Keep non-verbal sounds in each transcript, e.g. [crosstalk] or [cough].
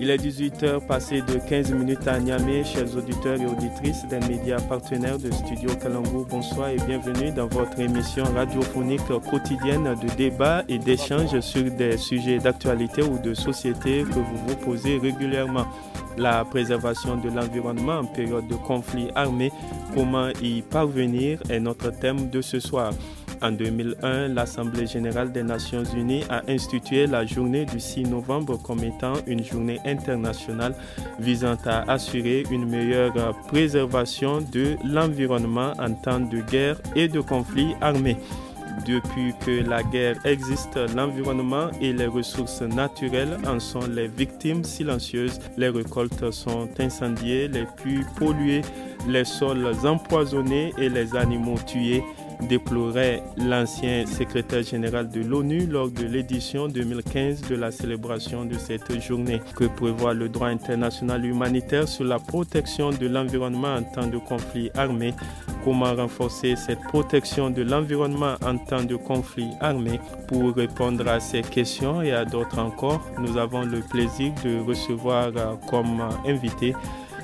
Il est 18h passé de 15 minutes à Niamey, chers auditeurs et auditrices des médias partenaires de Studio Kalangou. Bonsoir et bienvenue dans votre émission radiophonique quotidienne de débat et d'échanges sur des sujets d'actualité ou de société que vous vous posez régulièrement. La préservation de l'environnement en période de conflit armé, comment y parvenir est notre thème de ce soir. En 2001, l'Assemblée générale des Nations unies a institué la journée du 6 novembre comme étant une journée internationale visant à assurer une meilleure préservation de l'environnement en temps de guerre et de conflits armés. Depuis que la guerre existe, l'environnement et les ressources naturelles en sont les victimes silencieuses. Les récoltes sont incendiées, les puits pollués, les sols empoisonnés et les animaux tués déplorait l'ancien secrétaire général de l'ONU lors de l'édition 2015 de la célébration de cette journée, que prévoit le droit international humanitaire sur la protection de l'environnement en temps de conflit armé. Comment renforcer cette protection de l'environnement en temps de conflit armé Pour répondre à ces questions et à d'autres encore, nous avons le plaisir de recevoir euh, comme invité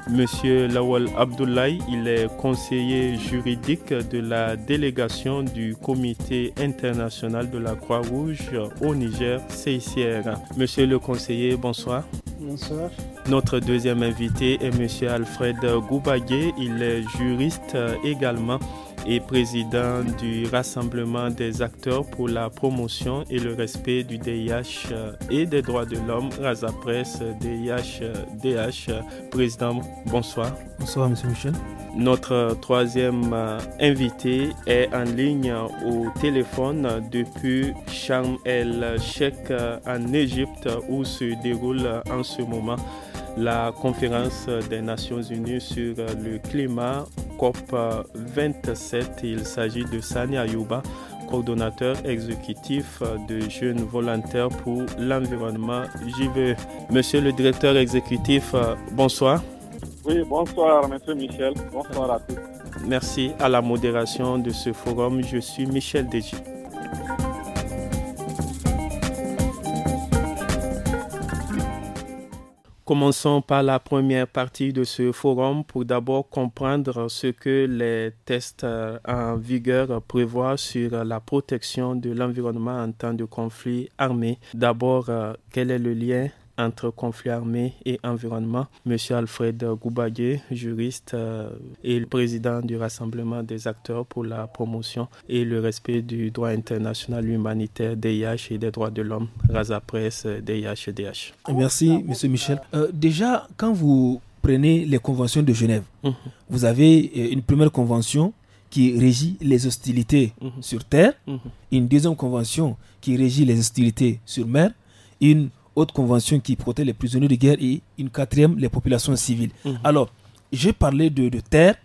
Monsieur Lawal Abdoulaye, il est conseiller juridique de la délégation du Comité international de la Croix-Rouge au Niger, CICR. Monsieur le conseiller, bonsoir. Bonsoir. Notre deuxième invité est Monsieur Alfred Goubagué, il est juriste également et président du Rassemblement des acteurs pour la promotion et le respect du DIH euh, et des droits de l'homme, Raza Presse, DIH, DH. Euh, euh, président, bonsoir. Bonsoir, monsieur Michel. Notre troisième invité est en ligne au téléphone depuis Sharm el-Sheikh en Égypte où se déroule en ce moment la conférence des Nations Unies sur le climat COP27. Euh, Il s'agit de Sani Ayouba, coordonnateur exécutif de Jeunes Volontaires pour l'Environnement JVE. Monsieur le directeur exécutif, euh, bonsoir. Oui, bonsoir, monsieur Michel. Bonsoir à tous. Merci à la modération de ce forum. Je suis Michel Deji. Commençons par la première partie de ce forum pour d'abord comprendre ce que les tests euh, en vigueur prévoient sur la protection de l'environnement en temps de conflit armé. D'abord, euh, quel est le lien entre conflit armé et environnement. Monsieur Alfred Goubagué, juriste euh, et le président du Rassemblement des acteurs pour la promotion et le respect du droit international humanitaire DIH et des droits de l'homme, Raza Presse, DIH, DH. Eh, merci, Monsieur Michel. Euh, déjà, quand vous prenez les conventions de Genève, mhm. vous avez euh, une première convention qui régit les hostilités mhm. sur terre, mhm. une deuxième convention qui régit les hostilités sur mer, une autre convention qui protège les prisonniers de guerre et une quatrième, les populations civiles. Mhm. Alors, j'ai parlé de, terre,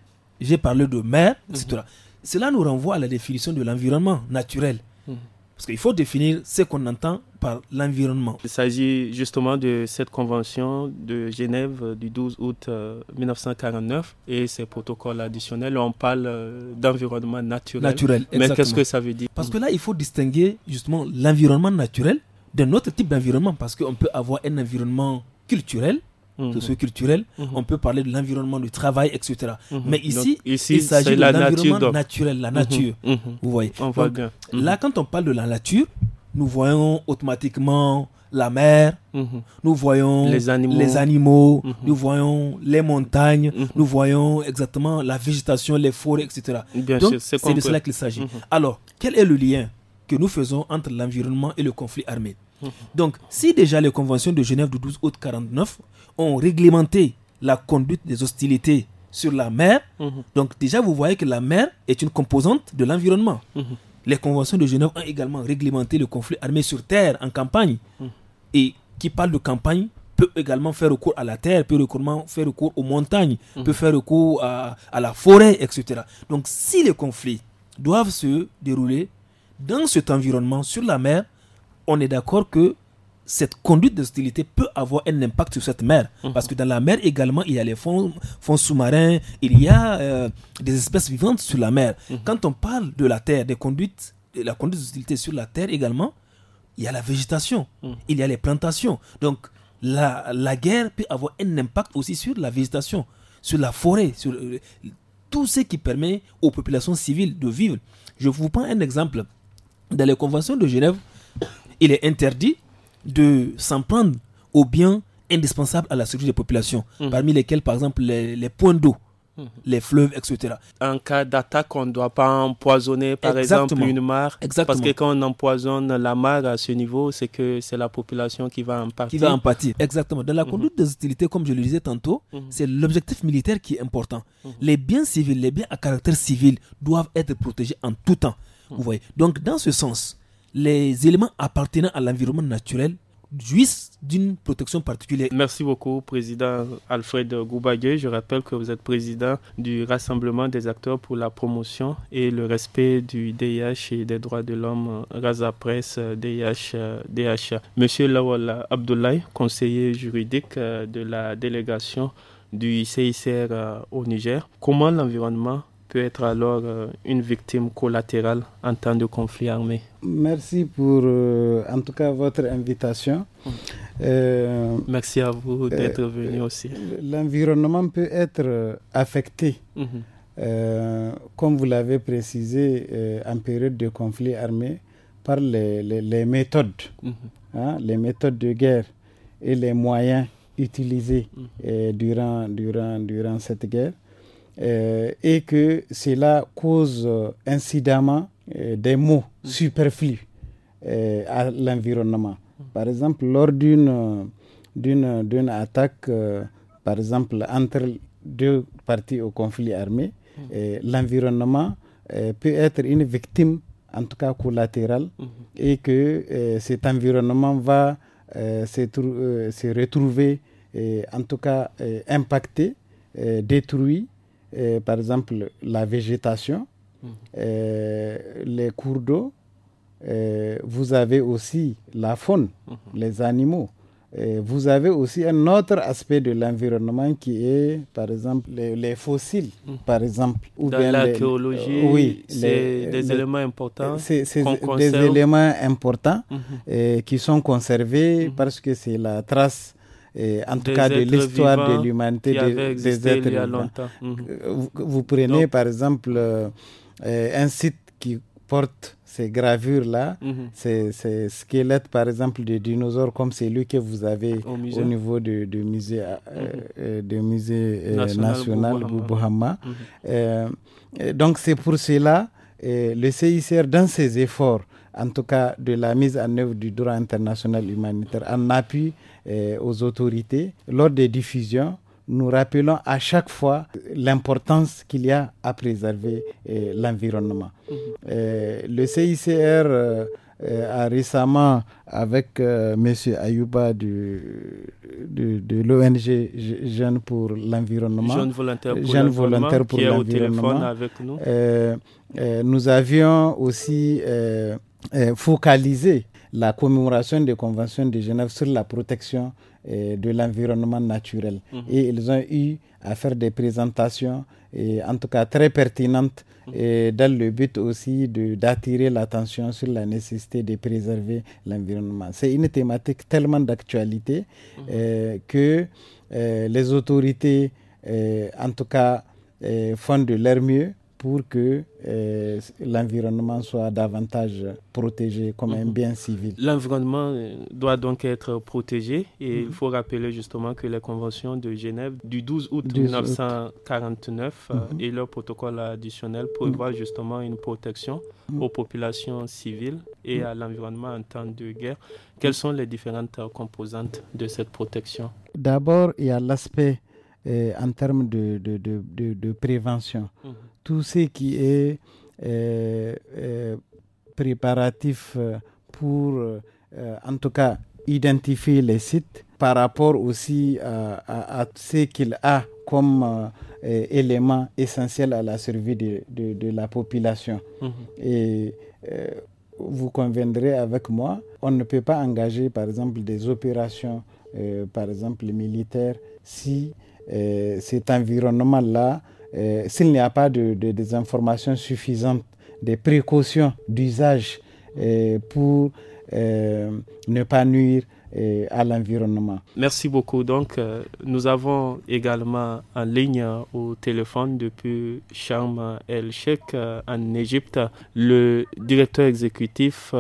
j'ai parlé de mer, etc. Mhm. Cela nous renvoie à la définition de l'environnement naturel. Mhm. Parce qu'il faut définir ce qu'on entend par l'environnement. Il s'agit justement de cette convention de Genève du 12 août 1949 euh, et ses protocoles additionnels. On parle euh, d'environnement naturel. Mais qu'est-ce que ça veut dire Parce que là, il faut distinguer justement l'environnement naturel d'un autre type d'environnement, parce qu'on peut avoir un environnement culturel, Mmh. socio-culturel, mhm. on peut parler de l'environnement du travail, etc. Mhm. Mais ici, il s'agit de l'environnement naturel, la nature. Mhm. Vous voyez. Là, quand on parle de la nature, nous voyons automatiquement la mer, nous voyons les animaux, nous voyons les montagnes, nous voyons exactement la végétation, les forêts, etc. Donc, c'est de cela qu'il s'agit. Alors, quel est le lien que nous faisons entre l'environnement et le conflit armé. Donc, si déjà les conventions de Genève du 12 août 49 ont réglementé la conduite des hostilités sur la mer, donc déjà vous voyez que la mer est une composante de l'environnement. Les conventions de Genève ont également réglementé le conflit armé sur terre, en campagne. Et qui parle de campagne peut également faire recours à la terre, peut faire recours aux montagnes, peut faire recours à la forêt, etc. Donc si les conflits doivent se dérouler dans cet environnement, sur la mer, on est d'accord que cette conduite d'hostilité peut avoir un impact sur cette mer. Mhm. Parce que dans la mer également, il y a les fonds, sous-marins, il y a euh, des espèces vivantes sur la mer. Mhm. Quand on parle de la terre, des conduites, de la conduite d'hostilité sur la terre également, il y a la végétation, mhm. il y a les plantations. Donc la, la, guerre peut avoir un impact aussi sur la végétation, sur la forêt, sur euh, tout ce qui permet aux populations civiles de vivre. Je vous prends un exemple dans les conventions de Genève, il est interdit de s'en prendre aux biens indispensables à la survie des populations, hmm. parmi lesquels, par exemple, les, points d'eau, hmm. les fleuves, etc. En cas d'attaque, on ne doit pas empoisonner, par exemple, une mare. Exactement. Parce que quand on empoisonne la mare à ce niveau, c'est que c'est la population qui va en partir. Qui va en Exactement. Dans la hmm. conduite de des hostilités, comme je le disais tantôt, c'est l'objectif militaire qui est important. Les biens civils, les biens à caractère civil doivent être protégés en tout temps. Donc, dans ce sens, les éléments appartenant à l'environnement naturel jouissent d'une protection particulière. Merci beaucoup, Président Alfred Goubagué. Je rappelle que vous êtes président du Rassemblement des acteurs pour la promotion et le respect du DIH et des droits de l'homme, Raza Presse, DIH, DH. Monsieur Lawal Abdoulaye, conseiller juridique euh, de la délégation du CICR euh, au Niger. Comment l'environnement peut être alors euh, une victime collatérale en temps de conflit armé. Merci pour euh, en tout cas votre invitation. Euh, Merci à vous d'être venu aussi. L'environnement peut être affecté. Mhm. comme vous l'avez précisé, en période de conflit armé, par les, méthodes, mhm. hein, les méthodes de guerre et les moyens utilisés mhm. durant, durant, durant cette guerre. Euh, et que cela cause euh, incidemment euh, des maux mm. superflus à l'environnement. Par exemple, lors d'une attaque, par exemple, entre deux parties au conflit armé, mm. l'environnement peut être une victime, en tout cas collatérale, mm. et que cet environnement va se, retrouver, en tout cas impacté, détruit par exemple, la végétation, mhm. euh, les cours d'eau, euh, vous avez aussi la faune, mhm. les animaux. vous avez aussi un autre aspect de l'environnement qui est, par exemple, les, fossiles, mhm. par exemple. Ou Dans l'archéologie, euh, oui, c'est des éléments importants. C'est des éléments importants qui sont conservés parce que c'est la trace en tout cas de l'histoire de l'humanité, des, êtres humains mhm. Vous, prenez par exemple euh, euh, un site qui porte ces gravures-là, mhm. ces, squelettes, par exemple, de dinosaures, comme celui que vous avez au, niveau du, musée, musée national, Boubouhama. donc, c'est pour cela, le CICR, dans ses efforts, en tout cas de la mise en œuvre du droit international humanitaire, en appui aux autorités lors des diffusions nous rappelons à chaque fois l'importance qu'il y a à préserver eh, l'environnement. Mhm. Eh, le CICR euh, eh, a récemment, avec euh, M. Ayouba du, de l'ONG Jeunes pour l'environnement, Jeunes volontaires pour l'environnement, qui est au téléphone avec nous, nous avions aussi focalisé la commémoration des conventions de Genève sur la protection euh, de l'environnement naturel. Mhm. Et ils ont eu à faire des présentations, euh, en tout cas très pertinentes, mhm. euh, dans le but aussi d'attirer l'attention sur la nécessité de préserver l'environnement. C'est une thématique tellement d'actualité mhm. que les autorités, en tout cas, font de leur mieux pour que euh, l'environnement soit davantage protégé comme un mhm. bien civil. L'environnement euh, doit donc être protégé et il mhm. faut rappeler justement que les conventions de Genève du 12 août 1949 euh, mhm. et leur protocole additionnel prévoient justement une protection aux populations civiles et à l'environnement en temps de guerre. Quelles sont les différentes composantes de cette protection D'abord, il y a l'aspect en termes de, prévention tout ce qui est euh, euh, préparatif euh, pour, en tout cas, identifier les sites par rapport aussi à, ce qu'il a comme élément essentiel à la survie de, la population. Mhm. Et vous conviendrez avec moi, on ne peut pas engager par exemple des opérations, par exemple militaires, si cet environnement-là euh, s'il n'y a pas de, des informations suffisantes, des précautions d'usage euh, pour euh, ne pas nuire et à l'environnement. Merci beaucoup. Donc, euh, nous avons également en ligne euh, au téléphone depuis Sharm el-Sheikh euh, en Égypte le directeur exécutif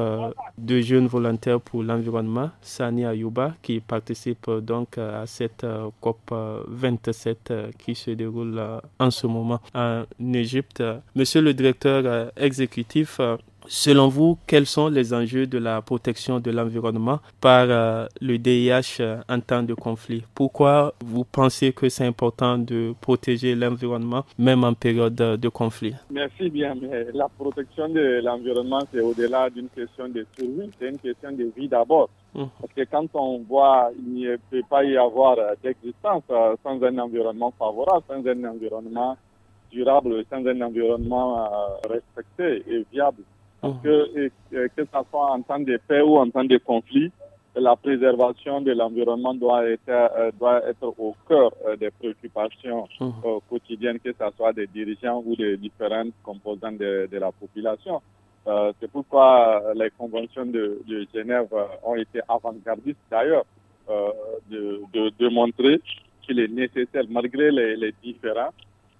de Jeunes Volontaires pour l'Environnement, Sani Ayouba, qui participe donc à cette COP 27 qui se déroule en ce moment en Égypte. Monsieur le directeur exécutif, Selon vous, quels sont les enjeux de la protection de l'environnement par euh, le DIH euh, en temps de conflit Pourquoi vous pensez que c'est important de protéger l'environnement même en période euh, de conflit Merci bien, mais la protection de l'environnement, c'est au-delà d'une question de survie, c'est une question de vie d'abord. Mmh. Parce que quand on voit, il ne peut pas y avoir d'existence sans un environnement favorable, sans un environnement durable, sans un environnement respecté et viable. Hum. que, ce soit en temps de paix ou en temps de conflit, la préservation de l'environnement doit être, euh, doit être au cœur euh, des préoccupations hum. euh, quotidiennes, que ce soit des dirigeants ou des différentes composantes de, la population. C'est pourquoi les conventions de, Genève ont été avant-gardistes d'ailleurs de, de, montrer qu'il est nécessaire, malgré les, les différences,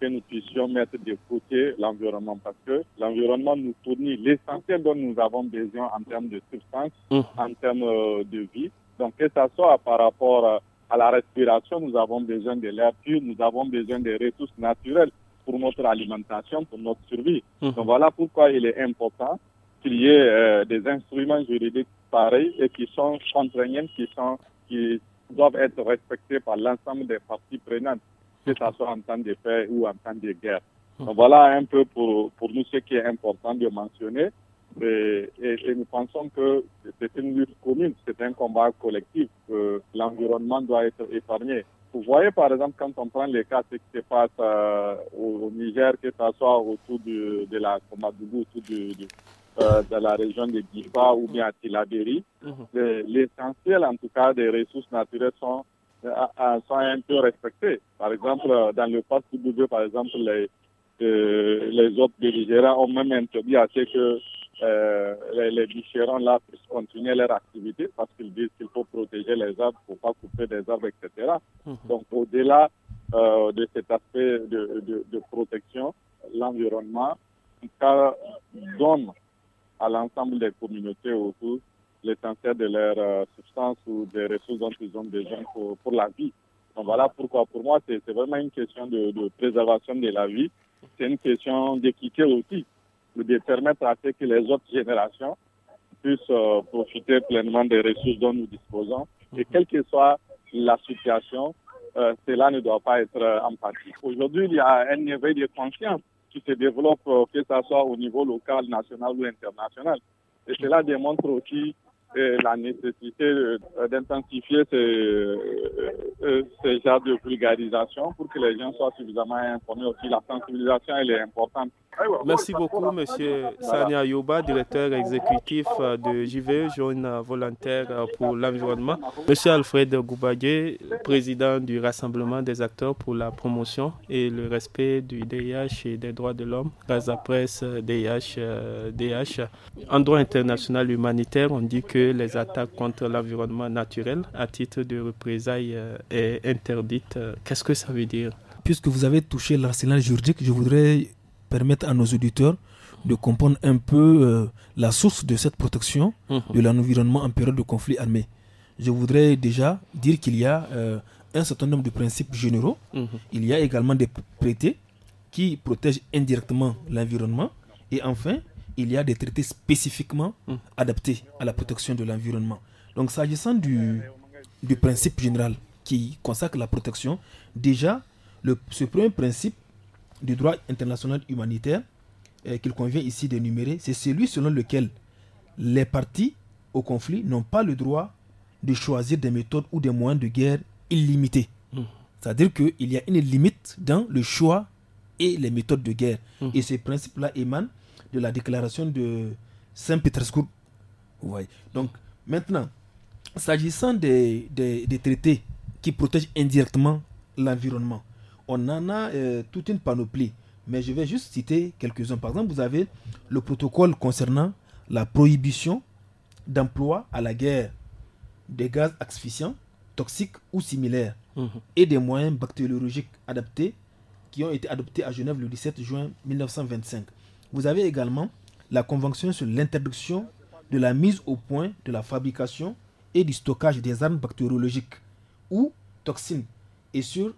nous puissions mettre de côté l'environnement parce que l'environnement nous fournit l'essentiel dont nous avons besoin en termes de substances, mmh. en termes euh, de vie. Donc que ça soit par rapport euh, à la respiration, nous avons besoin de l'air pur, nous avons besoin des ressources naturelles pour notre alimentation, pour notre survie. Mmh. Donc voilà pourquoi il est important qu'il y ait euh, des instruments juridiques pareils et qui sont contraignants, qui sont qui doivent être respectés par l'ensemble des parties prenantes que ce soit en temps de paix ou en temps de guerre. Hmm. voilà un peu pour, pour nous ce qui est important de mentionner. Et, nous pensons que c'est une lutte commune, c'est un combat collectif, que l'environnement doit être épargné. Vous voyez par exemple quand on prend les cas qui se passent euh, au, Niger, que ce soit autour de la Komadougou, autour euh, de la région de Gifa ou bien à Tilaberi. Hmm. L'essentiel, en tout cas, des ressources naturelles sont sont un peu respectés. Par exemple, dans le passé, double, par exemple, les, euh, les autres dirigeants ont même interdit à ce que euh, les, différents là puissent continuer leur activité parce qu'ils disent qu'il faut protéger les arbres, il ne faut pas couper des arbres, etc. Mhm. Donc au-delà euh, de cet aspect de, de, de protection, l'environnement donne à l'ensemble des communautés autour l'essentiel de leur euh, substance ou des ressources dont ils ont besoin pour, la vie. Donc voilà pourquoi pour moi c'est vraiment une question de, préservation de la vie, c'est une question d'équité aussi, de permettre à ce que les autres générations puissent euh, profiter pleinement des ressources dont nous disposons. Et mhm. quelle que soit la situation, euh, cela ne doit pas être empathique. Aujourd'hui, il y a un éveil de conscience qui se développe, que ce soit au niveau local, national ou international. Et cela démontre aussi et la nécessité euh, d'intensifier euh, euh, ces genres de vulgarisation pour que les gens soient suffisamment informés aussi. La sensibilisation, elle est importante. Ah, Merci beaucoup, Monsieur Sania Yoba, directeur exécutif euh, de JVE, jeune euh, volontaire euh, pour l'environnement. Monsieur Alfred Goubadier, président du Rassemblement des acteurs pour la promotion et le respect du DIH et des droits de l'homme, Gaza Presse, DIH, DH. En droit international humanitaire, on dit que les attaques contre l'environnement naturel à titre de représailles est interdite. Qu'est-ce que ça veut dire Puisque vous avez touché l'arsenal juridique, je voudrais permettre à nos auditeurs de comprendre un peu euh, la source de cette protection mhm. de l'environnement en période de conflit armé. Je voudrais déjà dire qu'il y a euh, un certain nombre de principes généraux. Mhm. Il y a également des traités qui protègent indirectement l'environnement. Et enfin, il y a des traités spécifiquement mhm. adaptés à la protection de l'environnement. Donc s'agissant du, du principe général qui consacre la protection, déjà, le, ce premier principe du droit international humanitaire euh, qu'il convient ici d'énumérer, c'est celui selon lequel les parties au conflit n'ont pas le droit de choisir des méthodes ou des moyens de guerre illimités. Hmm. C'est-à-dire qu'il y a une limite dans le choix et les méthodes de guerre. Hmm. Et ces principe-là émanent de la déclaration de Saint-Pétersbourg. voyez. Donc, maintenant, s'agissant des traités qui protègent indirectement l'environnement, on en a euh, toute une panoplie. Mais je vais juste citer quelques-uns. Par exemple, vous avez le protocole concernant la prohibition d'emploi à la guerre des gaz asphyxiants, toxiques ou similaires, mhm. et des moyens bactériologiques adaptés qui ont été adoptés à Genève le 17 juin 1925. Vous avez également la Convention sur l'interdiction de la mise au point de la fabrication et du stockage des armes bactériologiques ou toxines et sur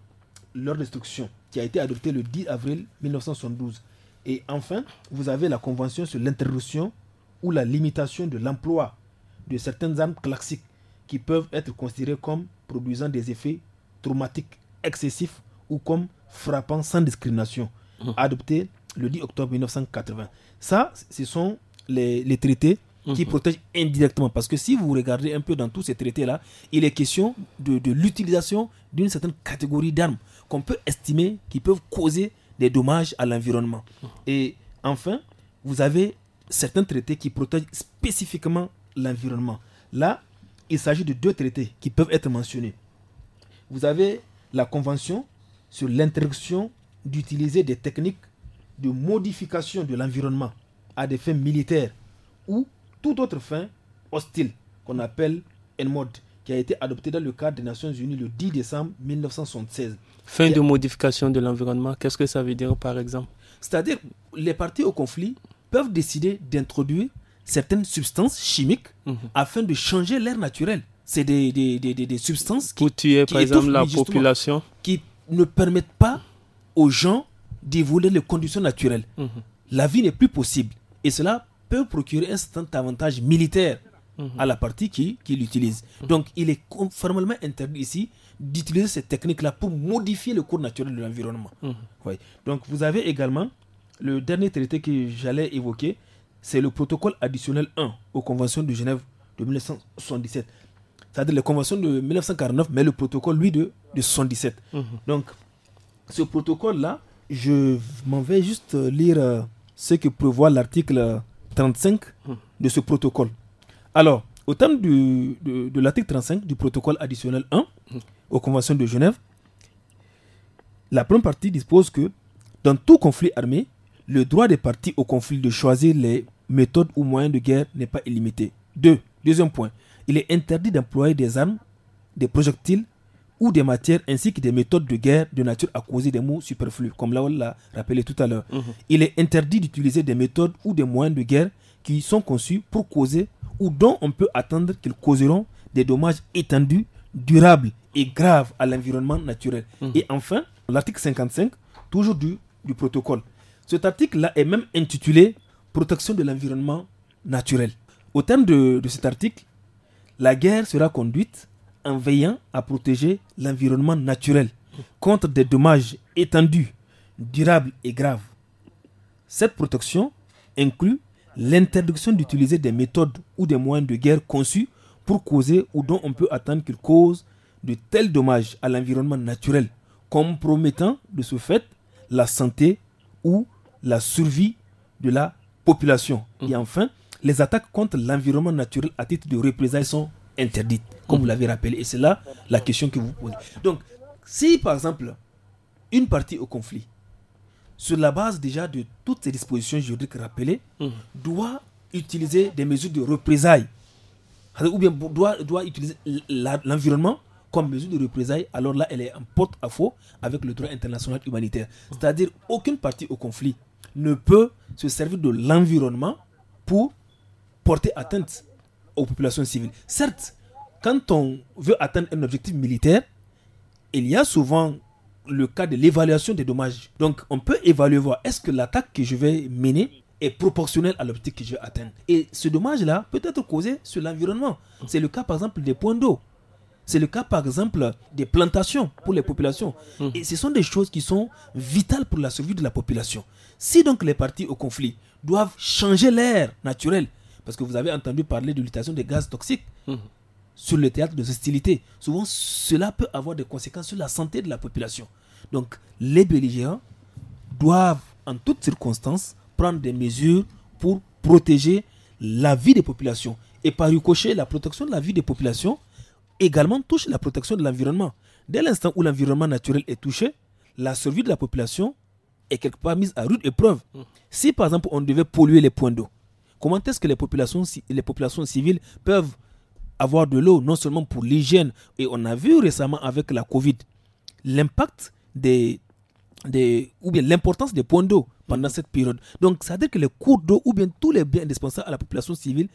leur destruction, qui a été adoptée le 10 avril 1972. Et enfin, vous avez la Convention sur l'interruption ou la limitation de l'emploi de certaines armes classiques qui peuvent être considérées comme produisant des effets traumatiques excessifs ou comme frappant sans discrimination, mmh. adoptée le 10 octobre 1980. Ça, ce sont les, traités mmh. qui protègent indirectement. Parce que si vous regardez un peu dans tous ces traités-là, il est question de l'utilisation d'une certaine catégorie d'armes qu'on peut estimer qui peuvent causer des dommages à l'environnement. Ah. Et enfin, vous avez certains traités qui protègent spécifiquement l'environnement. Là, il s'agit de deux traités qui peuvent être mentionnés. Vous avez la Convention sur l'interdiction d'utiliser des techniques de modification de l'environnement à des fins militaires ou toute autre fin hostile qu'on appelle en mode qui a été adoptée dans le cadre des Nations Unies le 10 décembre 1976. Fin de modification de l'environnement, qu'est-ce que ça veut dire par exemple C'est-à-dire les parties au conflit peuvent décider d'introduire certaines substances chimiques mhm. afin de changer l'air naturel. C'est des, substances qui, par exemple la population qui ne permettent pas aux gens d'évoluer les conditions naturelles. Mhm. La vie n'est plus possible et cela peut procurer un certain avantage militaire à la partie qui, qui l'utilise. Donc, il est formellement interdit ici d'utiliser cette technique-là pour modifier le cours naturel de l'environnement. Mhm. Donc, vous avez également le dernier traité que j'allais évoquer, c'est le protocole additionnel 1 aux conventions de Genève de 1977. C'est-à-dire les conventions de 1949, mais le protocole, lui, de, de 77. Mhm. Donc, ce protocole-là, je m'en vais juste lire euh, ce que prévoit l'article 35 euh, mhm. de ce protocole. Alors, au terme de, de l'article 35 du protocole additionnel 1 mmh. aux conventions de Genève, la première partie dispose que dans tout conflit armé, le droit des parties au conflit de choisir les méthodes ou moyens de guerre n'est pas illimité. Deux, deuxième point, il est interdit d'employer des armes, des projectiles ou des matières ainsi que des méthodes de guerre de nature à causer des mots superflus, comme là on l'a rappelé tout à l'heure. Mmh. Il est interdit d'utiliser des méthodes ou des moyens de guerre qui sont conçus pour causer ou dont on peut attendre qu'ils causeront des dommages étendus, durables et graves à l'environnement naturel. Mmh. Et enfin, l'article 55, toujours du, protocole. Cet article-là est même intitulé Protection de l'environnement naturel. Au terme de cet article, la guerre sera conduite en veillant à protéger l'environnement naturel contre des dommages étendus, durables et graves. Cette protection inclut l'interdiction d'utiliser des méthodes ou des moyens de guerre conçus pour causer ou dont on peut attendre qu'ils causent de tels dommages à l'environnement naturel, compromettant de ce fait la santé ou la survie de la population. Et mm. enfin, les attaques contre l'environnement naturel à titre de représailles sont interdites, comme vous mm. l'avez rappelé. Et c'est là la question que vous posez. Donc, si par exemple, une partie au conflit sur la base déjà de toutes ces dispositions juridiques rappelées, mhm. doit utiliser des mesures de représailles, ou bien doit, doit utiliser l'environnement comme mesure de représailles, alors là, elle est en porte à faux avec le droit international humanitaire. Mhm. C'est-à-dire, aucune partie au conflit ne peut se servir de l'environnement pour porter atteinte aux populations civiles. Certes, quand on veut atteindre un objectif militaire, il y a souvent le cas de l'évaluation des dommages. Donc, on peut évaluer voir est-ce que l'attaque que je vais mener est proportionnelle à l'objectif que je vais atteindre. Et ce dommage-là peut être causé sur l'environnement. C'est le cas, par exemple, des points d'eau. C'est le cas, par exemple, des plantations pour les populations. Hmm. Et ce sont des choses qui sont vitales pour la survie de la population. Si donc les parties au conflit doivent changer l'air naturel, parce que vous avez entendu parler de l'utilisation des gaz toxiques, hmm sur le théâtre de hostilité. Souvent, cela peut avoir des conséquences sur la santé de la population. Donc, les belligérants doivent, en toutes circonstances, prendre des mesures pour protéger la vie des populations. Et par ricochet, la protection de la vie des populations également touche la protection de l'environnement. Dès l'instant où l'environnement naturel est touché, la survie de la population est quelque part mise à rude épreuve. Mm. Si par exemple on devait polluer les points d'eau, comment est-ce que les populations, les populations civiles peuvent avoir de l'eau, non seulement pour l'hygiène, et on a vu récemment avec la Covid l'impact des, des, ou bien l'importance des points d'eau pendant cette période. Donc, ça veut dire que les cours d'eau ou bien tous les biens indispensables à la population civile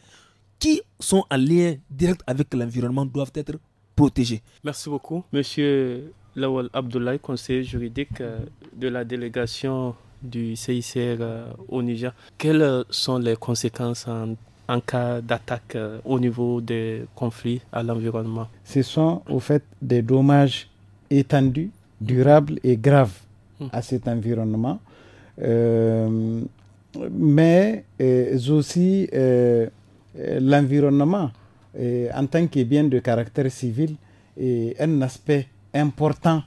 qui sont en lien direct avec l'environnement doivent être protégés. Merci beaucoup, monsieur Lawal Abdoulaye, conseiller juridique euh, de la délégation du CICR euh, au Niger. Quelles sont les conséquences en en cas d'attaque euh, au niveau des conflits à l'environnement. Ce sont au fait des dommages étendus, durables et graves hmm. à cet environnement, euh, mais euh, aussi l'environnement en tant que bien de caractère civil est un aspect important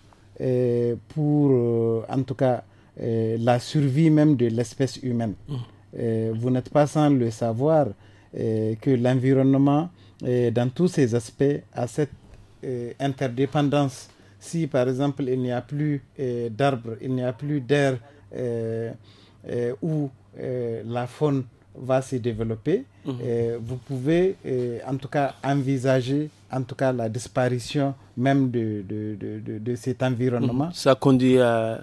pour, en tout cas, la survie même de l'espèce humaine. Hmm. vous n'êtes pas sans le savoir, que l'environnement, dans tous ses aspects, a cette interdépendance. Si par exemple il n'y a plus d'arbres, il n'y a plus d'air où la faune va se développer, mhm. vous pouvez en tout cas envisager en tout cas la disparition même de, de, de, de cet environnement. Ça conduit à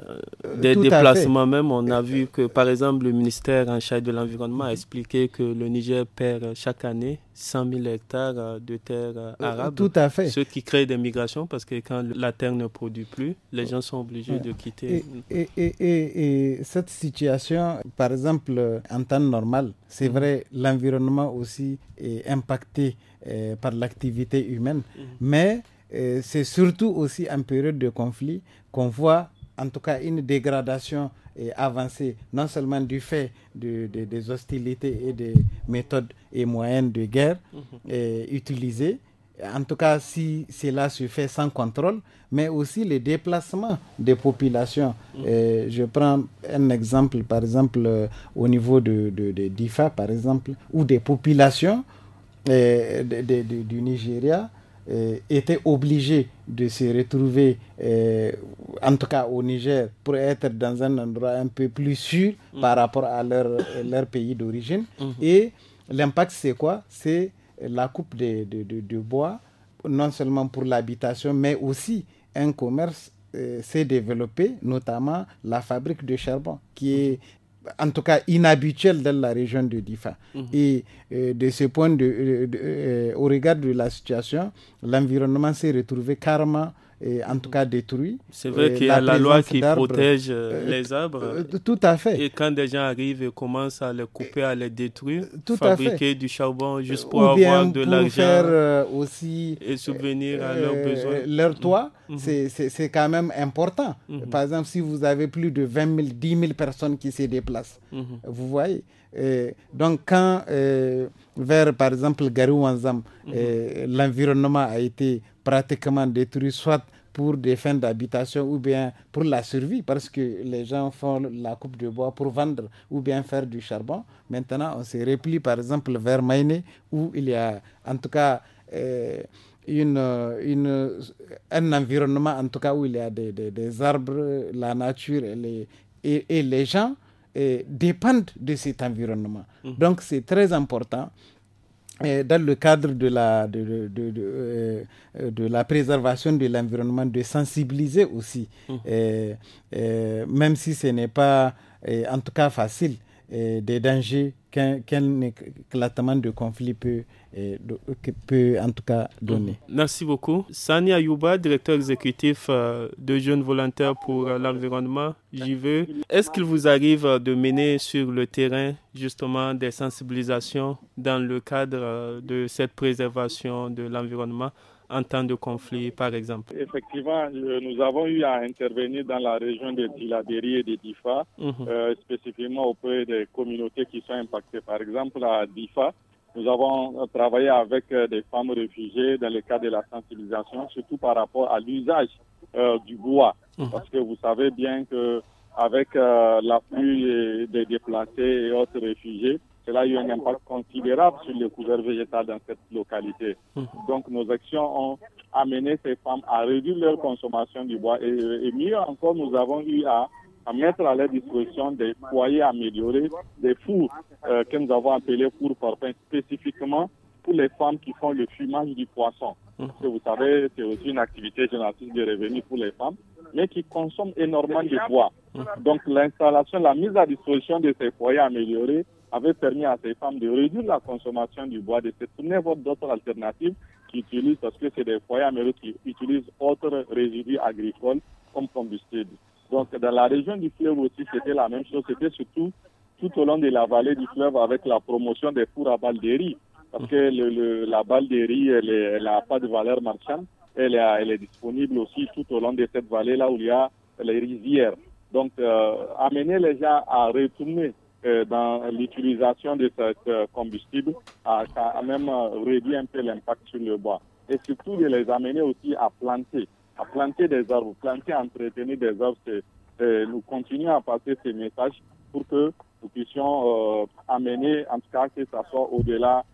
euh, des déplacements même. On a vu que, par exemple, le ministère en charge de l'environnement a mm-hmm. expliqué que le Niger perd chaque année 100 000 hectares euh, de terres euh, arabes. Tout à fait. Ce qui crée des migrations parce que quand la terre ne produit plus, les gens sont obligés de quitter. Et, et, et, et cette situation, par exemple, en temps normal, c'est mm-hmm. vrai, l'environnement aussi est impacté euh, par l'activité humaine. Mm-hmm. Mais euh, c'est surtout aussi en période de conflit qu'on voit en tout cas une dégradation euh, avancée, non seulement du fait de, des hostilités et des méthodes et moyens de guerre mm-hmm. utilisés, en tout cas si cela se fait sans contrôle, mais aussi les déplacements des populations. Mm-hmm. je prends un exemple, par exemple, au niveau de, de, DIFA, par exemple, ou des populations de, du Nigeria euh, était obligé de se retrouver, euh, en tout cas au Niger, pour être dans un endroit un peu plus sûr mm. par rapport à leur, euh, leur pays d'origine. Mm-hmm. Et l'impact, c'est quoi C'est la coupe de, de, de, bois, non seulement pour l'habitation, mais aussi un commerce s'est développé, notamment la fabrique de charbon, qui est mm-hmm en tout cas inhabituel dans la région de Difa. Mhm. Et euh, de ce point de, euh, au regard de la situation, l'environnement s'est retrouvé carrément en tout cas détruit. C'est vrai qu'il y a la loi qui protège euh, euh, les arbres. Euh, tout à fait. Et quand des gens arrivent et commencent à les couper, à les détruire, tout fabriquer à du charbon juste pour avoir de l'argent. faire aussi. Et subvenir à leurs besoins. Leur toit, mm-hmm. Mm-hmm. c'est quand même important. Mm-hmm. Par exemple, si vous avez plus de 20 000, 10 000 personnes qui se déplacent, vous voyez. donc, quand vers, par exemple, Garou Wanzam, l'environnement a été pratiquement détruit, soit pour des fins d'habitation ou bien pour la survie, parce que les gens font la coupe de bois pour vendre ou bien faire du charbon. Maintenant, on se replie par exemple vers Maine où il y a en tout cas euh, une, euh, une, un environnement en tout cas où il y a des, des, arbres, la nature et les, et, les gens euh, dépendent de cet environnement. Mmh. Donc c'est très important dans le cadre de la, euh, de, la préservation de l'environnement, de sensibiliser aussi, mmh. même si ce n'est pas en tout cas facile, des dangers qu'un éclatement de conflit peut, peut en tout cas donner. Mm. Merci beaucoup. Sani Ayouba, directeur exécutif euh, de Jeunes Volontaires pour euh, l'Environnement, veux Est-ce qu'il vous arrive euh, de mener sur le terrain justement des sensibilisations dans le cadre de cette préservation de l'environnement en temps de conflit, par exemple Effectivement, nous avons eu à intervenir dans la région de Diladéry et de Difa, mhm. euh, spécifiquement auprès des communautés qui sont impactées. Par exemple, à Difa, nous avons travaillé avec euh, des femmes réfugiées dans le cadre de la sensibilisation, surtout par rapport à l'usage euh, du bois. Mhm. Parce que vous savez bien que avec la l'appui des déplacés et autres réfugiés, cela a eu un impact considérable sur le couvert végétal dans cette localité. Mhm. Donc nos actions ont amené ces femmes à réduire leur consommation du bois et, mieux encore, nous avons eu à mettre à leur disposition des foyers améliorés, des fours euh, que nous avons appelés fours pain, spécifiquement pour les femmes qui font le fumage du poisson. Mhm. Que vous savez, c'est aussi une activité génératrice de revenus pour les femmes, mais qui consomment énormément de bois. Mhm. Donc l'installation, la mise à disposition de ces foyers améliorés avait permis à ces femmes de réduire la consommation du bois, de se tourner vers d'autres alternatives qui utilisent, parce que c'est des foyers américains qui utilisent autres résidus agricoles comme combustible. Donc, dans la région du fleuve aussi, c'était la même chose. C'était surtout tout au long de la vallée du fleuve avec la promotion des fours à balles de riz. Parce que la balle de riz, elle n'a pas de valeur marchande. Elle, est, elle est disponible aussi tout au long de cette vallée là où il y a les rizières. Donc, euh, amener les gens à retourner euh, dans l'utilisation de ce euh, combustible euh, a même réduit un peu l'impact sur le bois. Et surtout de les amener aussi à planter, à planter des arbres, planter, entretenir des arbres. nous continuons à passer ces messages pour que nous puissions amener, en tout cas que ça soit au-delà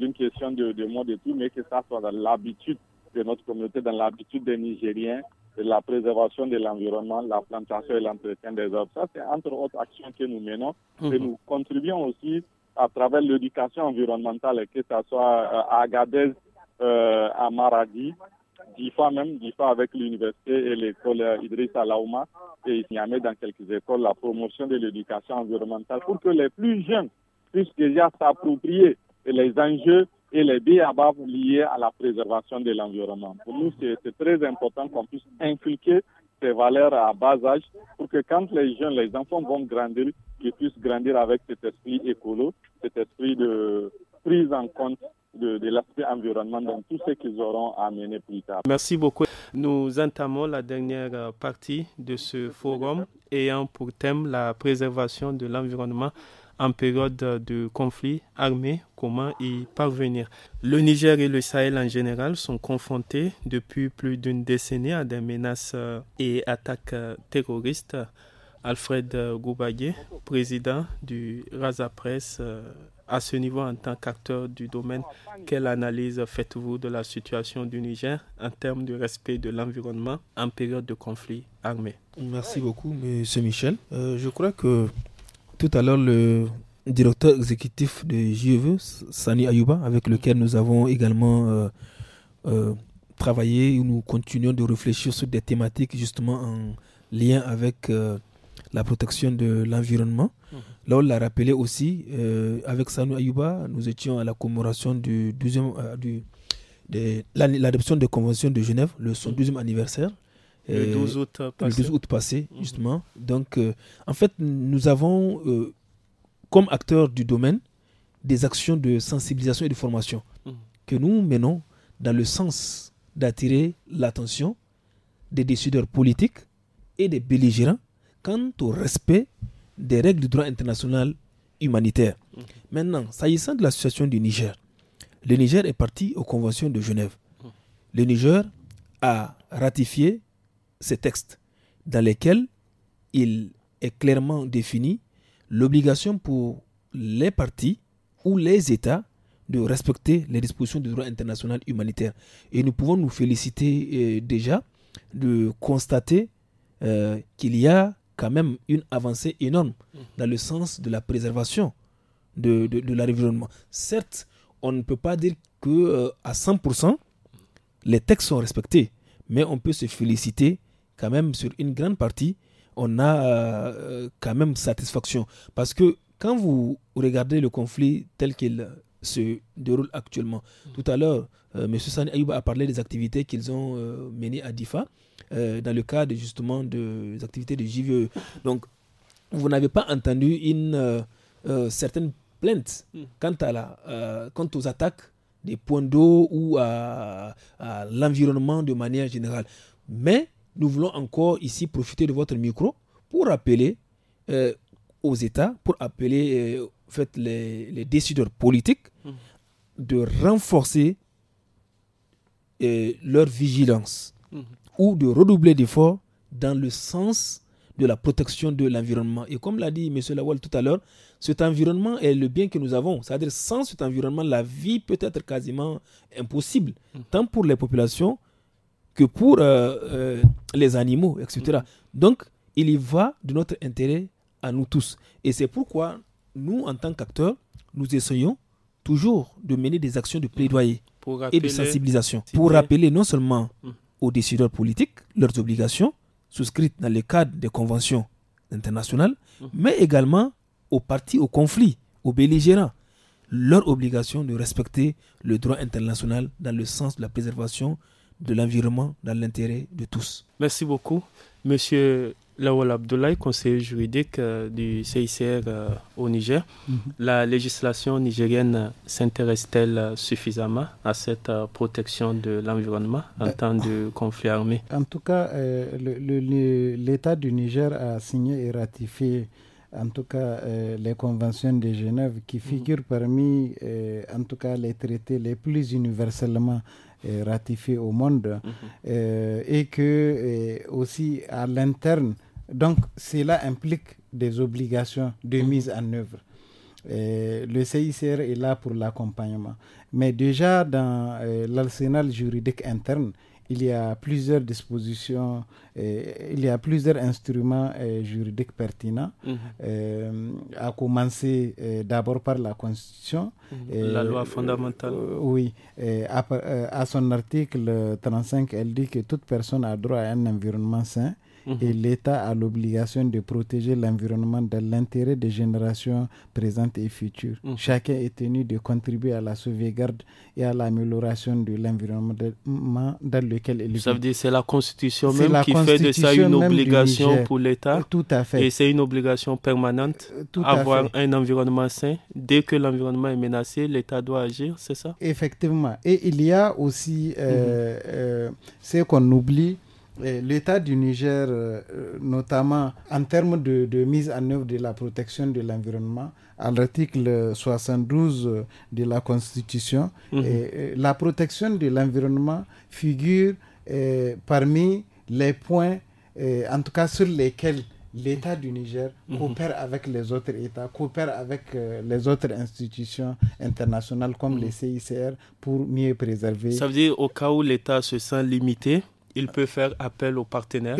d'une question de, de mode et tout, mais que ça soit dans l'habitude de notre communauté, dans l'habitude des Nigériens la préservation de l'environnement, la plantation et l'entretien des arbres. Ça, c'est entre autres actions que nous menons. Mhm. Et nous contribuons aussi à travers l'éducation environnementale, que ce soit euh, à Agadez, euh, à Maradi, fois même, fois avec l'université et l'école euh, Idriss Alaouma. et il y même dans quelques écoles, la promotion de l'éducation environnementale pour que les plus jeunes puissent déjà s'approprier les enjeux et les biais à bas liés à la préservation de l'environnement. Pour nous, c'est très important qu'on puisse inculquer ces valeurs à bas âge pour que quand les jeunes, les enfants vont grandir, qu'ils puissent grandir avec cet esprit écolo, cet esprit de prise en compte de, de l'aspect environnement dans tout ce qu'ils auront à mener plus tard. Merci beaucoup. Nous entamons la dernière partie de ce forum ayant pour thème la préservation de l'environnement en période de conflit armé, comment y parvenir. Le Niger et le Sahel en général sont confrontés depuis plus d'une décennie à des menaces euh, et attaques euh, terroristes. Alfred euh, Goubagué, président du Raza à ce niveau en tant qu'acteur du domaine, quelle analyse faites-vous de la situation du Niger en termes de respect de l'environnement en période de conflit armé Merci beaucoup, M. Michel. je crois que tout à l'heure le directeur exécutif de JEV, Sani Ayouba, avec lequel nous avons également travaillé euh, euh, travaillé. Nous continuons de réfléchir sur des thématiques justement en lien avec euh, la protection de l'environnement. Mhm. Là, on l'a rappelé aussi, euh, avec Sani Ayouba, nous étions à la commémoration du 12 de l'adoption des conventions de Genève, le 12 mhm. e anniversaire. Le 12 août passé. Mhm. justement. Donc, euh, en fait, nous avons, euh, comme acteurs du domaine, des actions de sensibilisation et de formation mhm. que nous menons dans le sens d'attirer l'attention des décideurs politiques et des belligérants quant au respect des règles du droit international humanitaire. Mhm. Maintenant, s'agissant de la situation du Niger, le Niger est parti aux conventions de Genève. Le Niger a ratifié ces textes dans lesquels il est clairement défini l'obligation pour les partis ou les États de respecter les dispositions du droit international humanitaire. Et nous pouvons nous féliciter euh, déjà de constater euh, qu'il y a quand même une avancée énorme dans le sens de la préservation de, de, l'environnement. Certes, on ne peut pas dire que euh, à 100% les textes sont respectés, mais on peut se féliciter quand même, sur une grande partie, on a euh, euh, quand même satisfaction. Parce que quand vous regardez le conflit tel qu'il se déroule actuellement, mm. tout à l'heure, Monsieur M. Sani Ayub a parlé des activités qu'ils ont mené euh, menées à Difa, dans le cadre justement de, des activités de JVE. Donc, vous n'avez pas entendu une certaine plainte mm. quant, à la, quant aux attaques des points d'eau ou à l'environnement de manière générale. Mais nous voulons encore ici profiter de votre micro pour appeler euh, aux États, pour appeler euh, fait, les, décideurs politiques mm-hmm. de renforcer euh, leur vigilance mm-hmm. ou de redoubler d'efforts dans le sens de la protection de l'environnement. Et comme l'a dit M. Lawal tout à l'heure, cet environnement est le bien que nous avons. C'est-à-dire sans cet environnement, la vie peut être quasiment impossible, mm-hmm. tant pour les populations que pour euh, euh, les animaux, etc. Donc, il y va de notre intérêt à nous tous. Et c'est pourquoi nous, en tant qu'acteurs, nous essayons toujours de mener des actions de plaidoyer et de sensibilisation pour rappeler non seulement mmh. aux décideurs politiques leurs obligations souscrites dans le cadre des conventions internationales, mmh. mais également aux partis au conflit, aux belligérants, leur obligation de respecter le droit international dans le sens de la préservation de l'environnement dans l'intérêt de tous. Merci beaucoup. Monsieur Lawal Abdoulaye, conseiller juridique euh, du CICR euh, au Niger, mhm. la législation nigérienne s'intéresse-t-elle euh, suffisamment à cette protection de l'environnement en temps de conflit armé En tout cas, l'État du Niger a signé et ratifié en tout cas les conventions de Genève qui mhm. figurent parmi en tout cas les traités les plus universellement ratifié au monde mhm. euh, et que euh, aussi à l'interne. Donc cela implique des obligations de mhm. mise en œuvre. le CICR est là pour l'accompagnement. Mais déjà dans euh, l'arsenal juridique interne, il y a plusieurs dispositions, eh, il y a plusieurs instruments eh, juridiques pertinents, mhm. eh, à commencer d'abord par la Constitution. Mhm. la loi fondamentale. Euh, oui. Euh, à, son article 35, elle dit que toute personne a droit à un environnement sain. Et l'État a l'obligation de protéger l'environnement dans l'intérêt des générations présentes et futures. Mm. Chacun est tenu de contribuer à la sauvegarde et à l'amélioration de l'environnement dans lequel il vit. Ça veut dire c'est la Constitution même qui fait de ça une obligation pour l'État. Euh, tout à fait. Et c'est une obligation permanente. Euh, tout avoir un environnement sain. Dès que l'environnement est menacé, l'État doit agir, c'est ça Effectivement. Et il y a aussi euh, mm-hmm. euh ce qu'on oublie, l'État du Niger, euh, euh, notamment en termes de, mise en œuvre de la protection de l'environnement, à l'article 72 de la Constitution, mhm. la protection de l'environnement figure euh, parmi les points, en tout cas sur lesquels l'État du Niger mhm. coopère avec les autres États, coopère avec les autres institutions internationales comme mhm. les CICR pour mieux préserver. Ça veut dire au cas où l'État se sent limité, il peut faire appel aux partenaires.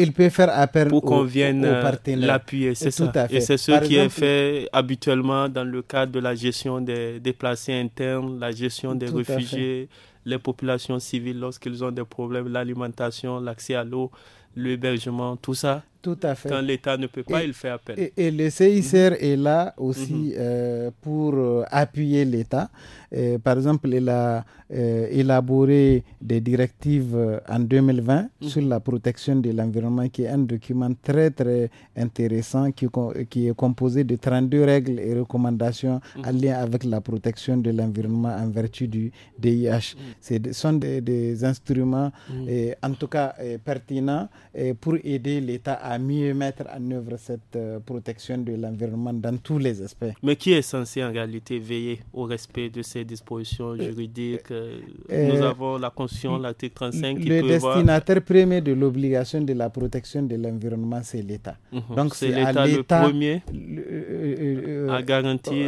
pour qu'on vienne euh, l'appuyer, c'est Et c'est ce qui est fait habituellement dans le cadre de la gestion des déplacés internes, la gestion des réfugiés, les populations civiles lorsqu'ils ont des problèmes, l'alimentation, l'accès à l'eau, l'hébergement, tout ça. Tout à fait. Quand l'État ne peut pas, il fait appel. Et, le CICR mhm. est là aussi mhm. euh, pour euh, appuyer l'État. par exemple, il a euh, élaboré des directives en 2020 mhm. sur la protection de l'environnement, qui est un document très, très intéressant, qui, est composé de 32 règles et recommandations en lien avec la protection de l'environnement en vertu du DIH. Ce sont des, instruments, en tout cas pertinents, pour aider l'État à à mieux mettre en œuvre cette euh, protection de l'environnement dans tous les aspects. Mais qui est censé en réalité veiller au respect de ces dispositions euh, juridiques euh, Nous avons la Constitution, l'article 35 qui Le destinataire premier de l'obligation de la protection de l'environnement, c'est l'État. Mhm. Donc c'est l'État le premier à garantir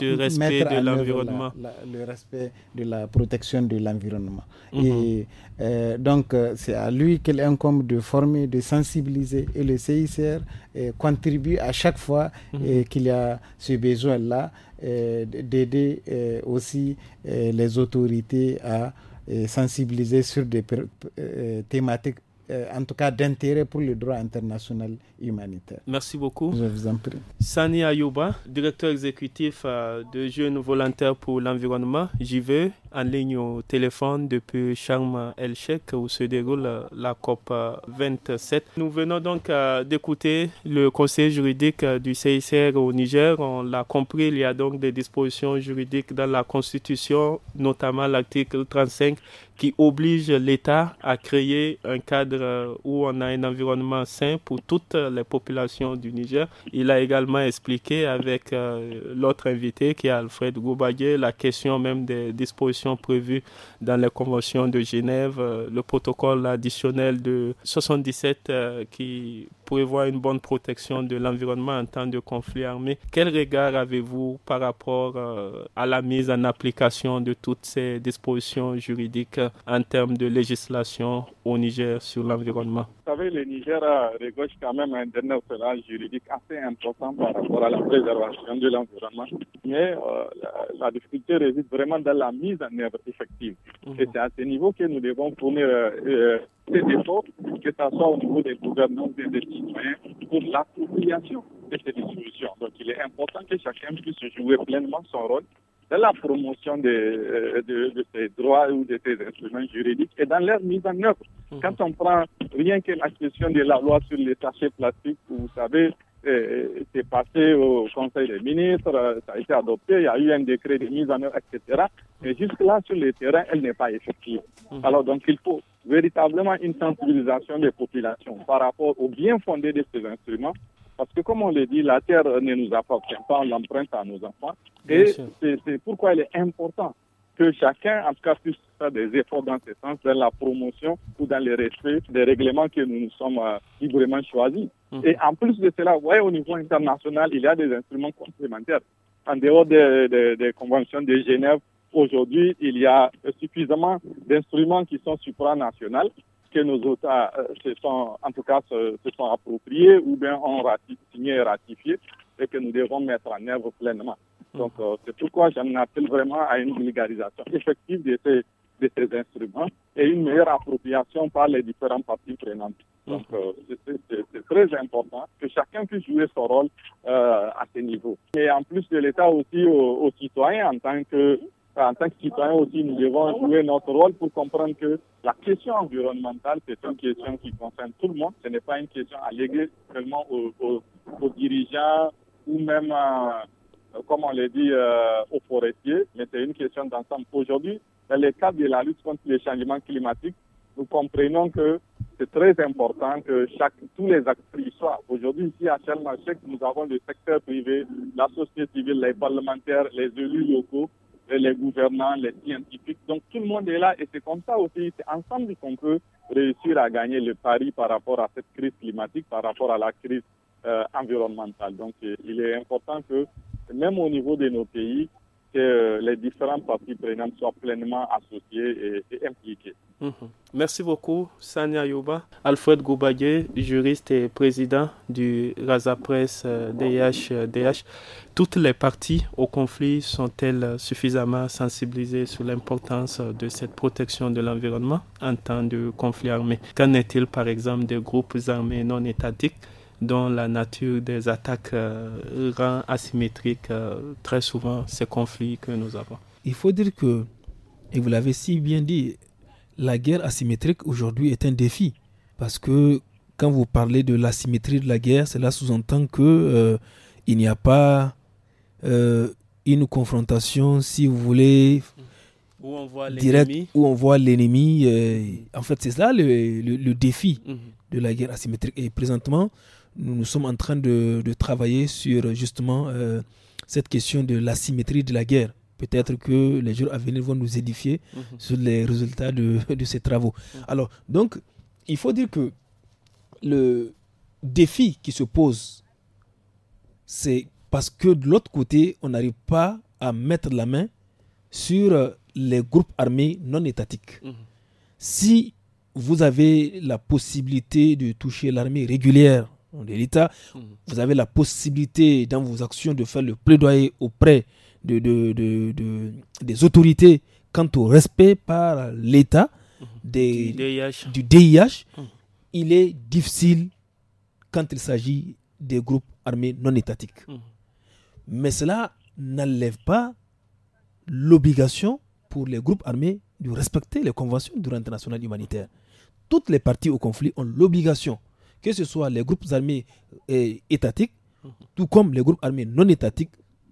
ce respect de l'environnement. Le respect de la protection de l'environnement. Mhm. Et euh, donc, euh, c'est à lui qu'il incombe de former, de sensibiliser. Et le CICR euh, contribue à chaque fois mhm. qu'il y a ce besoin-là d'aider aussi les autorités à sensibiliser sur des thématiques euh, en tout cas d'intérêt pour le droit international humanitaire. Merci beaucoup. Je vous en prie. Sani Ayouba, directeur exécutif euh, de Jeunes Volontaires pour l'Environnement, J'y vais en ligne au téléphone depuis Sharm El Sheikh où se déroule euh, la COP 27. Nous venons donc d'écouter le conseil juridique du CICR au Niger. On l'a compris, il y a donc des dispositions juridiques dans la Constitution, notamment l'article 35 qui oblige l'État à créer un cadre euh, où on a un environnement sain pour toutes les populations du Niger. Il a également expliqué avec euh, l'autre invité qui est Alfred Goubagé, la question même des dispositions prévues dans les conventions de Genève, euh, le protocole additionnel de 77 qui prévoit une bonne protection de l'environnement en temps de conflit armé. Quel regard avez-vous par rapport à la mise en application de toutes ces dispositions juridiques en termes de législation au Niger sur l'environnement Vous savez, le Niger a regorge quand même un arsenal juridique assez important par rapport à la préservation de l'environnement. Mais euh, la, difficulté réside vraiment dans la mise en œuvre effective. Mhm. c'est à ce niveau que nous devons fournir euh, euh effort, que ce soit au niveau des gouvernements et des citoyens, pour l'appropriation de ces dispositions. Donc il est important que chacun puisse jouer pleinement son rôle dans la promotion euh, de, ces droits ou de ces instruments juridiques et dans leur mise en œuvre. Mhm. Quand on prend rien que la question de la loi sur les sachets plastiques, vous savez, euh, c'est passé au Conseil des ministres, euh, ça a été adopté, il y a eu un décret de mise en œuvre, etc. Mais jusque-là, sur le terrain, elle n'est pas effective. Mhm. Alors donc, il faut véritablement une sensibilisation des populations par rapport au bien fondé de ces instruments parce que comme on le dit, la terre ne nous apporte pas, on à nos enfants. et c'est pourquoi il est important que chacun, en tout cas, puisse faire des efforts dans ce sens, dans la promotion ou dans le respect des règlements que nous nous sommes euh, librement choisis. Mhm. Et en plus de cela, voyez au niveau international, il y a des instruments complémentaires. En dehors des conventions de Genève, aujourd'hui, il y a suffisamment d'instruments qui sont supranationaux que nos États euh, se sont, en tout cas, se, sont appropriés ou bien ont ratifié, signé et ratifié et que nous devons mettre en œuvre pleinement. Mmh. Donc, euh, c'est pourquoi j'en appelle vraiment à une vulgarisation effective de ces, instruments et une meilleure appropriation par les différentes parties prenantes. Mmh. Donc, euh, c'est très important que chacun puisse jouer son rôle à ce niveau. Et en plus de l'État aussi aux, citoyens en tant que en tant que citoyen aussi, nous devons jouer notre rôle pour comprendre que la question environnementale, c'est une question qui concerne tout le monde. Ce n'est pas une question alléguée seulement aux, dirigeants ou même, euh, comme on le dit, euh, aux forestiers, mais c'est une question d'ensemble. Aujourd'hui, dans le cadre de la lutte contre les changements climatiques, nous comprenons que c'est très important que chaque, tous les acteurs soient. Aujourd'hui, ici à Chalmachek, nous avons le secteur privé, la société civile, les parlementaires, les élus locaux les gouvernants, les scientifiques. Donc tout le monde est là et c'est comme ça aussi, c'est ensemble qu'on peut réussir à gagner le pari par rapport à cette crise climatique, par rapport à la crise euh, environnementale. Donc il est important que même au niveau de nos pays, que les différentes parties prenantes soient pleinement associées et, impliquées. Mhm. Merci beaucoup, Sania Yoba. Alfred Goubagué, juriste et président du Raza Press DH, euh, DH. Euh, Toutes les parties au conflit sont-elles suffisamment sensibilisées sur l'importance de cette protection de l'environnement en temps de conflit armé Qu'en est-il par exemple des groupes armés non étatiques dont la nature des attaques euh, rend asymétrique euh, très souvent ces conflits que nous avons. Il faut dire que, et vous l'avez si bien dit, la guerre asymétrique aujourd'hui est un défi. Parce que quand vous parlez de l'asymétrie de la guerre, cela sous-entend que euh, il n'y a pas une confrontation, si vous voulez, où on voit l'ennemi. Où on voit l'ennemi. en fait, c'est ça le, le, défi mhm. de la guerre asymétrique. Et présentement, nous, sommes en train de, travailler sur justement euh, cette question de l'asymétrie de la guerre. Peut-être que les jours à venir vont nous édifier mhm. sur les résultats de, [laughs] ces travaux. Mhm. Alors, donc, il faut dire que le défi qui se pose, c'est parce que de l'autre côté, on n'arrive pas à mettre la main sur euh, les groupes armés non étatiques. Mhm. Si vous avez la possibilité de toucher l'armée régulière l'État, mhm. vous avez la possibilité dans vos actions de faire le plaidoyer auprès de, des autorités quant au respect par l'État mhm. du DIH. Mhm. Il est difficile quand il s'agit des groupes armés non étatiques. Mais cela n'enlève pas l'obligation pour les groupes armés de respecter les conventions du droit international humanitaire. Toutes les parties au conflit ont l'obligation que ce soit les groupes armés euh, étatiques, tout comme les groupes armés non étatiques,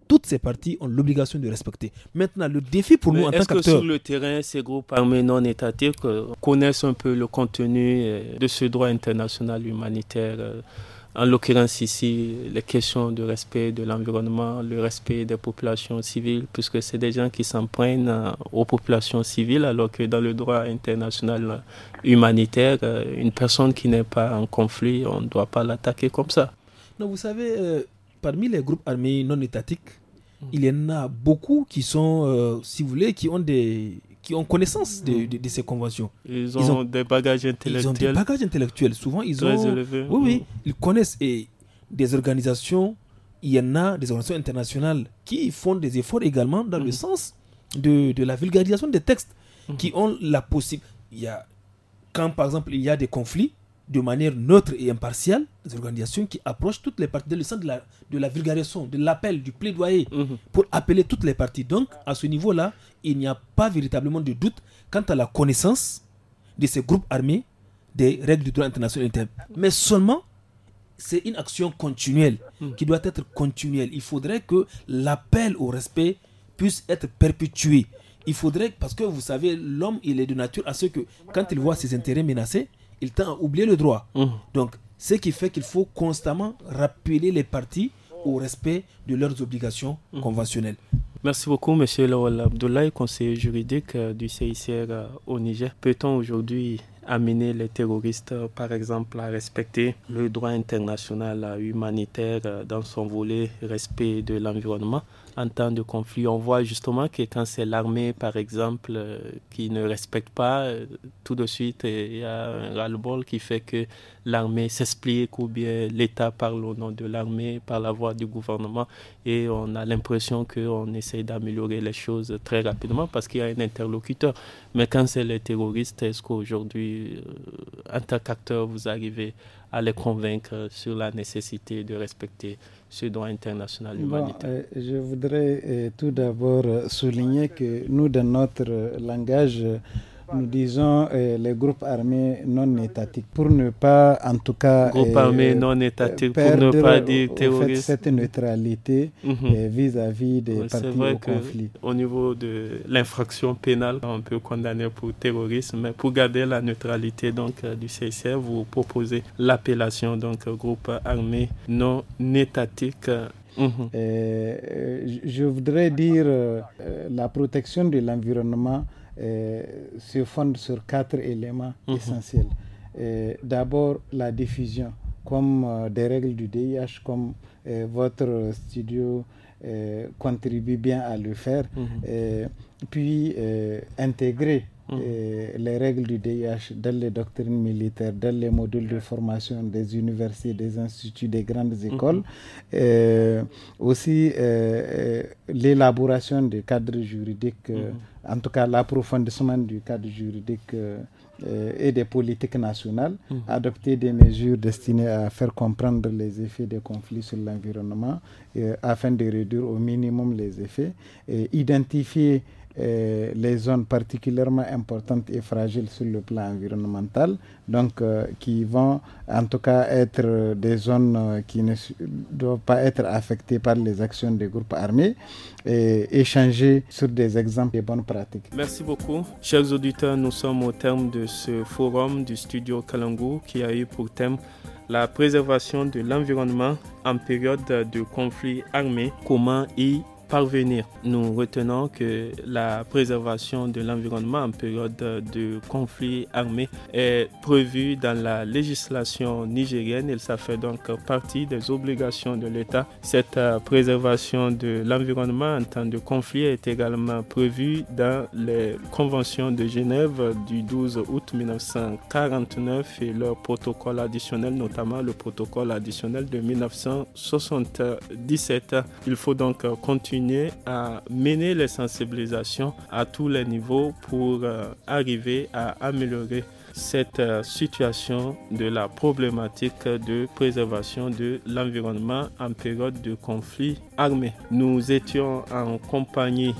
toutes ces parties ont l'obligation de respecter. Maintenant, le défi pour nous en tant qu'acteurs... Est-ce que sur le terrain, ces groupes armés non étatiques euh, connaissent un peu le contenu euh, de ce droit international humanitaire en l'occurrence ici, les questions de respect de l'environnement, le respect des populations civiles, puisque c'est des gens qui s'en euh, aux populations civiles, alors que dans le droit international humanitaire, euh, une personne qui n'est pas en conflit, on ne doit pas l'attaquer comme ça. Non, vous savez, euh, parmi les groupes armés non étatiques, mm. il y en a beaucoup qui sont, si vous voulez, qui ont des, qui ont connaissance de, de, ces conventions. Ils ont, des bagages intellectuels. Ils ont des bagages intellectuels. Souvent, ils ont. Oui, oui. Mm. Ils connaissent et des organisations. Il y en a des organisations internationales qui font des efforts également dans le mm. sens de, de, la vulgarisation des textes, mm. qui ont la possibilité. Il a, quand par exemple il y a des conflits, de manière neutre et impartiale des organisations qui approchent toutes les parties dans le sens de la, de vulgarisation, de l'appel, du plaidoyer, mhm. pour appeler toutes les parties. Donc, à ce niveau-là, il n'y a pas véritablement de doute quant à la connaissance de ces groupes armés des règles du droit international interne. Mais seulement, c'est une action continuelle mhm. qui doit être continuelle. Il faudrait que l'appel au respect puisse être perpétué. Il faudrait, parce que vous savez, l'homme, il est de nature à ce que, quand il voit ses intérêts menacés, il tend à oublier le droit. Mmh. Donc, ce qui fait qu'il faut constamment rappeler les partis au respect de leurs obligations mmh. conventionnelles. Merci beaucoup, M. Lawal Abdoulaye, conseiller juridique euh, du CICR euh, au Niger. Peut-on aujourd'hui amener les terroristes, euh, par exemple, à respecter le droit international humanitaire dans son volet respect de l'environnement en temps de conflit. On voit justement que quand c'est l'armée, par exemple, euh, qui ne respecte pas, euh, tout de suite, il y a un ras-le-bol qui fait que l'armée s'explique ou bien l'État parle au nom de l'armée par la voix du gouvernement et on a l'impression qu'on essaie d'améliorer les choses très rapidement parce qu'il y a un interlocuteur. Mais quand c'est les terroristes, est-ce qu'aujourd'hui, euh, en tant qu'acteur, vous arrivez à les convaincre sur la nécessité de respecter ce droit international humanitaire euh, Je voudrais euh, tout d'abord euh, souligner que nous, dans notre langage, nous disons euh, les groupes armés non étatiques, pour ne pas, en tout cas, groupes euh, armés non étatiques, pour ne pas dire Fait, cette neutralité mhm. euh, vis-à-vis des parties au conflit. Au niveau de l'infraction pénale, on peut condamner pour terrorisme, mais pour garder la neutralité donc du CICR, vous proposez l'appellation donc groupe armé non étatique mhm. je voudrais dire la protection de l'environnement euh, se fonde sur quatre éléments mhm. essentiels. Euh, d'abord, la diffusion, comme euh, des règles du DIH, comme votre studio euh, contribue bien à le faire, mhm. euh, puis euh, intégrer mhm. les règles du DIH dans les doctrines militaires, dans les modules de formation des universités, des instituts, des grandes mhm. écoles, aussi l'élaboration du cadre juridique, en tout cas l'approfondissement du cadre juridique. Euh, et des politiques nationales, mm-hmm. adopter des mesures destinées à faire comprendre les effets des conflits sur l'environnement euh, afin de réduire au minimum les effets, et identifier les zones particulièrement importantes et fragiles sur le plan environnemental, donc euh, qui vont en tout cas être des zones euh, qui ne doivent pas être affectées par les actions des groupes armés et échanger sur des exemples de bonnes pratiques. Merci beaucoup. Chers auditeurs, nous sommes au terme de ce forum du studio Kalangou qui a eu pour thème la préservation de l'environnement en période de conflit armé, comment y parvenir, nous retenons que la préservation de l'environnement en période de conflit armé est prévue dans la législation nigérienne et ça fait donc partie des obligations de l'État. Cette euh, préservation de l'environnement en temps de conflit est également prévue dans les conventions de Genève du 12 août 1949 et leur protocole additionnel, notamment le protocole additionnel de 1977. Il faut donc continuer à mener les sensibilisations à tous les niveaux pour euh, arriver à améliorer cette euh, situation de la problématique de préservation de l'environnement en période de conflit armé. Nous étions en compagnie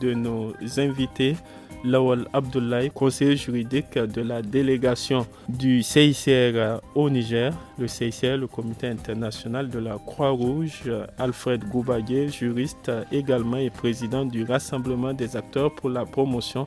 de nos invités Lawal Abdoulaye, conseiller juridique de la délégation du CICR au Niger, le CICR, le Comité international de la Croix-Rouge, Alfred Goubagué, juriste également et président du Rassemblement des acteurs pour la promotion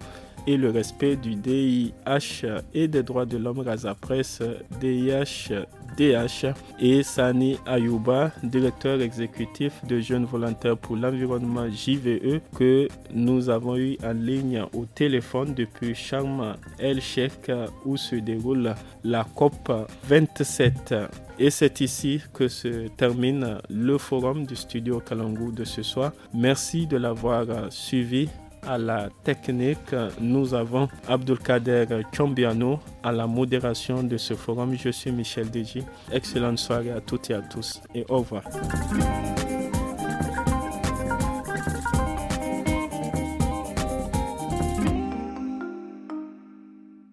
et le respect du DIH et des droits de l'homme Raza Press DIH DH et Sani Ayouba, directeur exécutif de Jeunes Volontaires pour l'Environnement JVE, que nous avons eu en ligne au téléphone depuis Sharma el-Sheikh où se déroule la COP 27. Et c'est ici que se termine le forum du studio Kalangou de ce soir. Merci de l'avoir euh, suivi à la technique, nous avons Abdulkader Chombiano à la modération de ce forum. Je suis Michel Deji. Excellente soirée à toutes et à tous et au revoir.